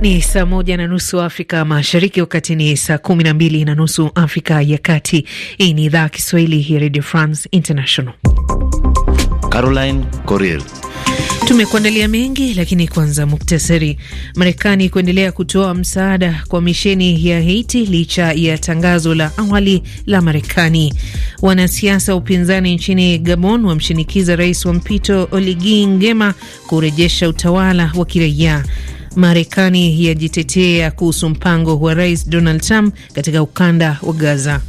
Ni saa moja na nusu Afrika Mashariki, wakati ni saa kumi na mbili na nusu Afrika ya Kati. Hii ni idhaa Kiswahili ya Radio France International. Caroline Corrier Tumekuandalia mengi lakini kwanza muktasari. Marekani kuendelea kutoa msaada kwa misheni ya Haiti licha ya tangazo la awali la Marekani. Wanasiasa wa upinzani nchini Gabon wamshinikiza rais wa mpito Oligi Ngema kurejesha utawala wa kiraia. Marekani yajitetea kuhusu mpango wa Rais Donald Trump katika ukanda wa Gaza.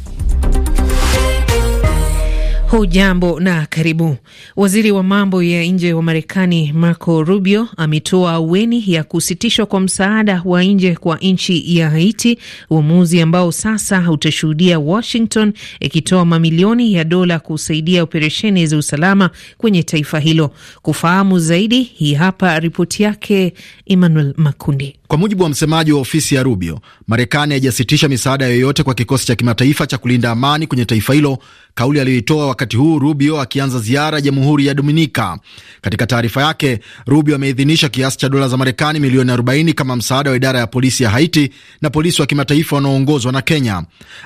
Hujambo na karibu. Waziri wa mambo ya nje wa Marekani Marco Rubio ametoa aweni ya kusitishwa kwa msaada wa nje kwa nchi ya Haiti, uamuzi ambao sasa utashuhudia Washington ikitoa mamilioni ya dola kusaidia operesheni za usalama kwenye taifa hilo. Kufahamu zaidi, hii hapa ripoti yake Emmanuel Makundi. Kwa mujibu wa msemaji wa ofisi ya Rubio, Marekani haijasitisha misaada yoyote kwa kikosi cha kimataifa cha kulinda amani kwenye taifa hilo kauli aliyoitoa wakati huu Rubio akianza ziara ya jamhuri ya Dominika. Katika taarifa yake, Rubio ameidhinisha kiasi cha dola za Marekani milioni 40 kama msaada wa idara ya polisi ya Haiti na polisi wa kimataifa wanaoongozwa na Kenya.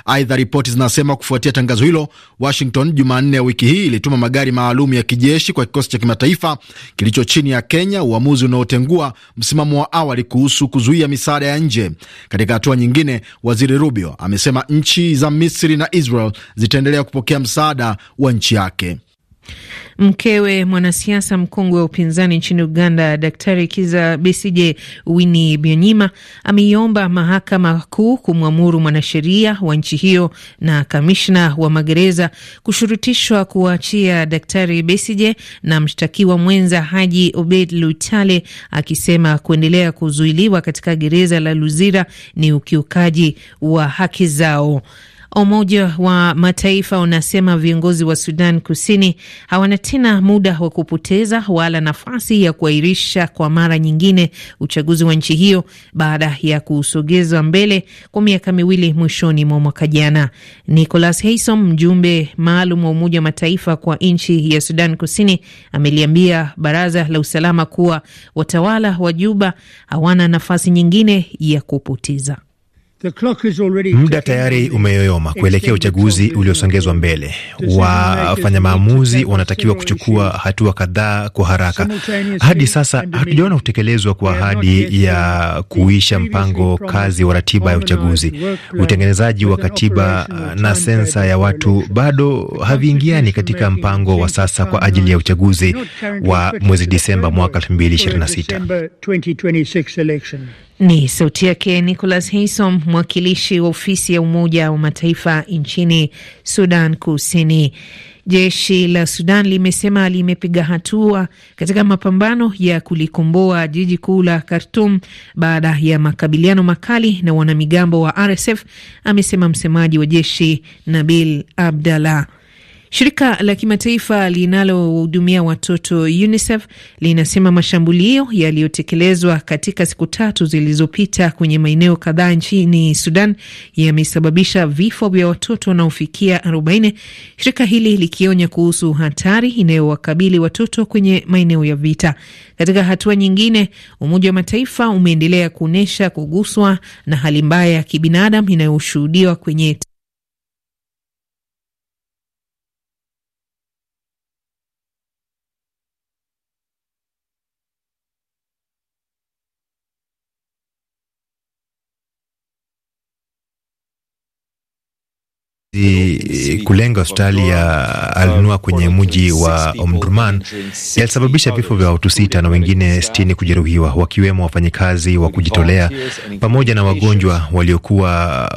Aidha, ripoti zinasema kufuatia tangazo hilo, Washington Jumanne ya wiki hii ilituma magari maalum ya kijeshi kwa kikosi cha kimataifa kilicho chini ya Kenya, uamuzi unaotengua msimamo wa awali kuhusu kuzuia misaada ya nje. Katika hatua nyingine, waziri Rubio amesema nchi za Misri na Israel zitaendelea kupokea kupokea msaada wa nchi yake. Mkewe mwanasiasa mkongwe wa upinzani nchini Uganda, Daktari Kiza Besije wini Bionyima ameiomba mahakama kuu kumwamuru mwanasheria wa nchi hiyo na kamishna wa magereza kushurutishwa kuwaachia Daktari Besije na mshtakiwa mwenza Haji Obed Lutale, akisema kuendelea kuzuiliwa katika gereza la Luzira ni ukiukaji wa haki zao. Umoja wa Mataifa unasema viongozi wa Sudan Kusini hawana tena muda wa kupoteza wala nafasi ya kuahirisha kwa mara nyingine uchaguzi wa nchi hiyo baada ya kusogezwa mbele kwa miaka miwili mwishoni mwa mwaka jana. nicolas Haysom, mjumbe maalum wa Umoja wa Mataifa kwa nchi ya Sudan Kusini, ameliambia Baraza la Usalama kuwa watawala wa Juba hawana nafasi nyingine ya kupoteza. Muda tayari umeyoyoma kuelekea uchaguzi uliosongezwa mbele. Wafanya maamuzi wanatakiwa kuchukua hatua kadhaa kwa haraka. Hadi sasa hatujaona kutekelezwa kwa ahadi ya kuisha mpango kazi wa ratiba ya uchaguzi. Utengenezaji wa katiba uh, na sensa ya watu bado haviingiani katika mpango wa sasa kwa ajili ya uchaguzi wa mwezi Disemba mwaka 2026. Ni sauti yake Nicholas Haysom, mwakilishi wa ofisi ya Umoja wa Mataifa nchini Sudan Kusini. Jeshi la Sudan limesema limepiga hatua katika mapambano ya kulikomboa jiji kuu la Khartum baada ya makabiliano makali na wanamigambo wa RSF, amesema msemaji wa jeshi Nabil Abdallah. Shirika la kimataifa linalohudumia watoto UNICEF linasema mashambulio yaliyotekelezwa katika siku tatu zilizopita kwenye maeneo kadhaa nchini Sudan yamesababisha vifo vya watoto wanaofikia 40, shirika hili likionya kuhusu hatari inayowakabili watoto kwenye maeneo ya vita. Katika hatua nyingine, Umoja wa Mataifa umeendelea kuonyesha kuguswa na hali mbaya ya kibinadamu inayoshuhudiwa kwenye Eh, kulenga hospitali ya alnua kwenye mji wa Omdurman yalisababisha vifo vya watu sita na wengine sitini kujeruhiwa, wakiwemo wafanyikazi wa kujitolea pamoja na wagonjwa waliokuwa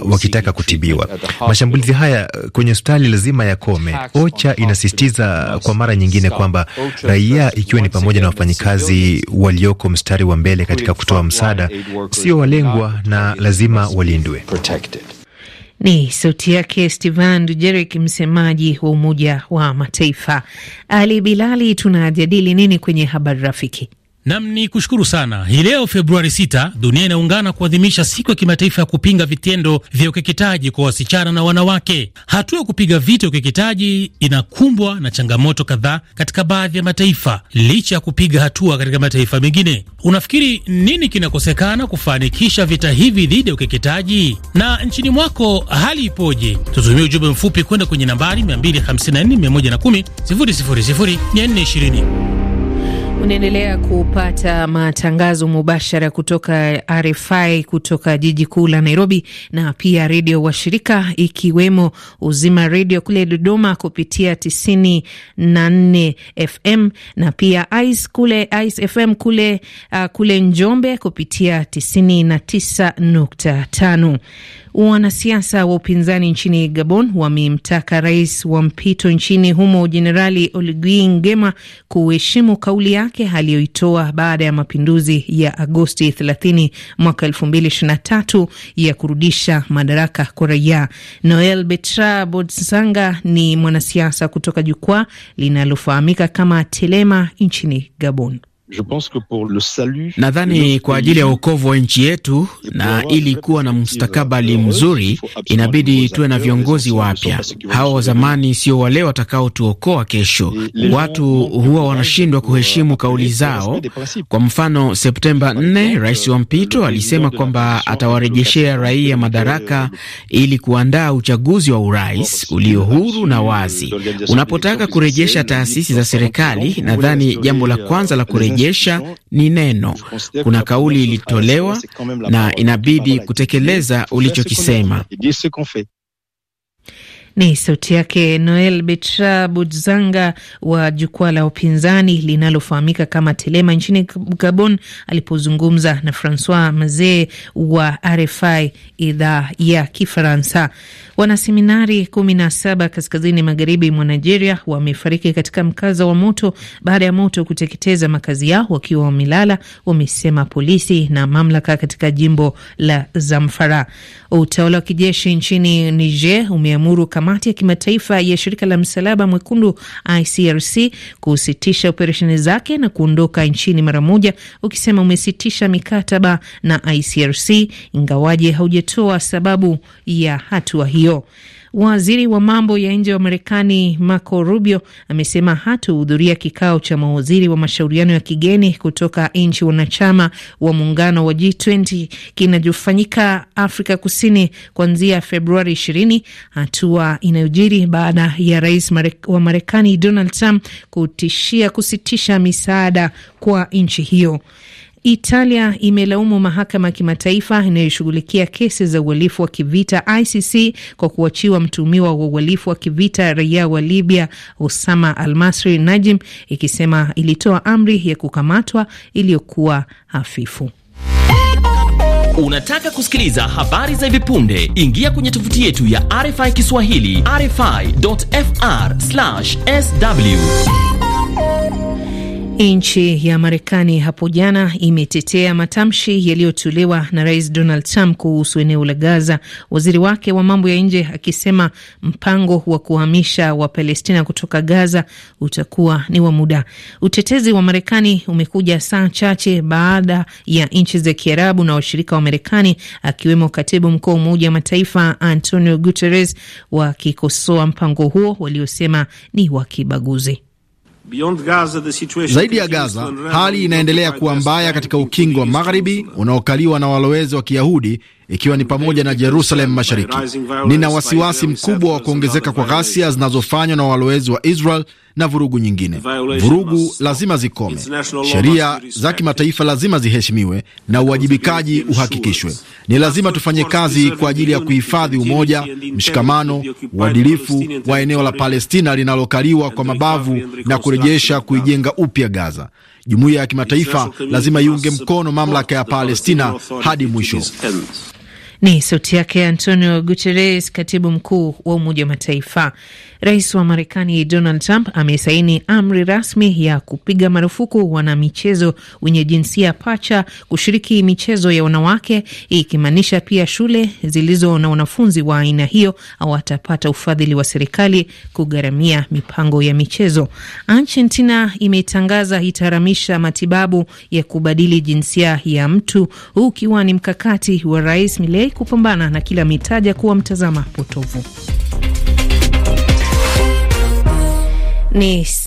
wakitaka kutibiwa. Mashambulizi haya kwenye hospitali lazima yakome. OCHA inasisitiza kwa mara nyingine kwamba raia, ikiwa ni pamoja na wafanyikazi walioko mstari wa mbele katika kutoa msaada, sio walengwa na lazima walindwe. Ni sauti yake stevan dujerik msemaji wa Umoja wa Mataifa. Ali Bilali, tunajadili nini kwenye habari rafiki? Nam ni kushukuru sana. Hii leo Februari 6 dunia inaungana kuadhimisha siku ya kimataifa ya kupinga vitendo vya ukeketaji kwa wasichana na wanawake. Hatua ya kupiga vita ya ukeketaji inakumbwa na changamoto kadhaa katika baadhi ya mataifa, licha ya kupiga hatua katika mataifa mengine. Unafikiri nini kinakosekana kufanikisha vita hivi dhidi ya ukeketaji? Na nchini mwako hali ipoje? Tutumie ujumbe mfupi kwenda kwenye nambari 254 110 000 420. Unaendelea kupata matangazo mubashara kutoka RFI kutoka jiji kuu la Nairobi, na pia redio washirika ikiwemo Uzima Redio kule Dodoma kupitia 94 FM na pia Ice kule Ice FM kule, uh, kule Njombe kupitia 99.5. Wanasiasa wa upinzani nchini Gabon wamemtaka rais wa mpito nchini humo Jenerali Oligui Ngema kuheshimu kauli yake yake aliyoitoa baada ya mapinduzi ya Agosti 30 mwaka 2023 ya kurudisha madaraka kwa raia. Noel Betra Botsanga ni mwanasiasa kutoka jukwaa linalofahamika kama Telema nchini Gabon. Nadhani kwa ajili ya uokovu wa nchi yetu na ili kuwa na mustakabali mzuri, inabidi tuwe na viongozi wapya. Hawa wa zamani sio wale watakaotuokoa kesho. Watu huwa wanashindwa kuheshimu kauli zao. Kwa mfano, Septemba 4 rais wa mpito alisema kwamba atawarejeshea raia madaraka ili kuandaa uchaguzi wa urais ulio huru na wazi. Unapotaka kurejesha taasisi za serikali, nadhani jambo la kwanza la kurejesha kurejesha ni neno. Kuna kauli ilitolewa na inabidi kutekeleza ulichokisema. Ni sauti yake Noel Betra Budzanga wa jukwaa la upinzani linalofahamika kama Telema nchini Gabon, alipozungumza na Francois Mazee wa RFI idhaa ya Kifaransa. Wanaseminari kumi na saba kaskazini magharibi mwa Nigeria wamefariki katika mkaza wa moto baada ya moto kuteketeza makazi yao wakiwa wamelala, wamesema polisi na mamlaka katika jimbo la Zamfara. Utawala wa kijeshi nchini Niger umeamuru kama kamati ya kimataifa ya shirika la msalaba mwekundu ICRC kusitisha operesheni zake na kuondoka nchini mara moja, ukisema umesitisha mikataba na ICRC ingawaje haujatoa sababu ya hatua hiyo. Waziri wa mambo ya nje wa Marekani Marco Rubio amesema hatohudhuria kikao cha mawaziri wa mashauriano ya kigeni kutoka nchi wanachama wa muungano wa G20 kinachofanyika Afrika Kusini kuanzia Februari 20, hatua inayojiri baada ya rais wa Marekani Donald Trump kutishia kusitisha misaada kwa nchi hiyo. Italia imelaumu mahakama ya kimataifa inayoshughulikia kesi za uhalifu wa kivita ICC kwa kuachiwa mtuhumiwa wa uhalifu wa kivita raia wa Libya Osama Almasri Najim, ikisema ilitoa amri ya kukamatwa iliyokuwa hafifu. Unataka kusikiliza habari za hivi punde? Ingia kwenye tovuti yetu ya RFI Kiswahili, rfi.fr/sw Nchi ya Marekani hapo jana imetetea matamshi yaliyotolewa na Rais Donald Trump kuhusu eneo la Gaza, waziri wake wa mambo ya nje akisema mpango wa kuhamisha Wapalestina kutoka Gaza utakuwa ni wa muda. Utetezi wa Marekani umekuja saa chache baada ya nchi za Kiarabu na washirika wa Marekani akiwemo katibu mkuu wa Umoja wa Mataifa Antonio Guterres wakikosoa mpango huo waliosema ni wa kibaguzi. Zaidi ya Gaza, hali inaendelea kuwa mbaya katika ukingo wa magharibi unaokaliwa na walowezi wa Kiyahudi ikiwa ni pamoja na Jerusalem Mashariki. Nina wasiwasi mkubwa wa kuongezeka kwa ghasia zinazofanywa na walowezi wa Israel na vurugu nyingine. Vurugu lazima zikome, sheria za kimataifa lazima ziheshimiwe na uwajibikaji uhakikishwe. Ni lazima tufanye kazi kwa ajili ya kuhifadhi umoja, mshikamano, uadilifu wa eneo la Palestina linalokaliwa kwa mabavu na kurejesha kuijenga upya Gaza. Jumuiya ya kimataifa lazima iunge mkono mamlaka ya Palestina hadi mwisho. Ni sauti yake Antonio Guterres, katibu mkuu wa Umoja wa Mataifa. Rais wa Marekani Donald Trump amesaini amri rasmi ya kupiga marufuku wanamichezo wenye jinsia pacha kushiriki michezo ya wanawake, ikimaanisha pia shule zilizo na wanafunzi wa aina hiyo hawatapata ufadhili wa serikali kugharamia mipango ya michezo. Argentina imetangaza itaharamisha matibabu ya kubadili jinsia ya mtu, huu ukiwa ni mkakati wa rais Milei Israel kupambana na kila mitaja kuwa mtazama potovu ni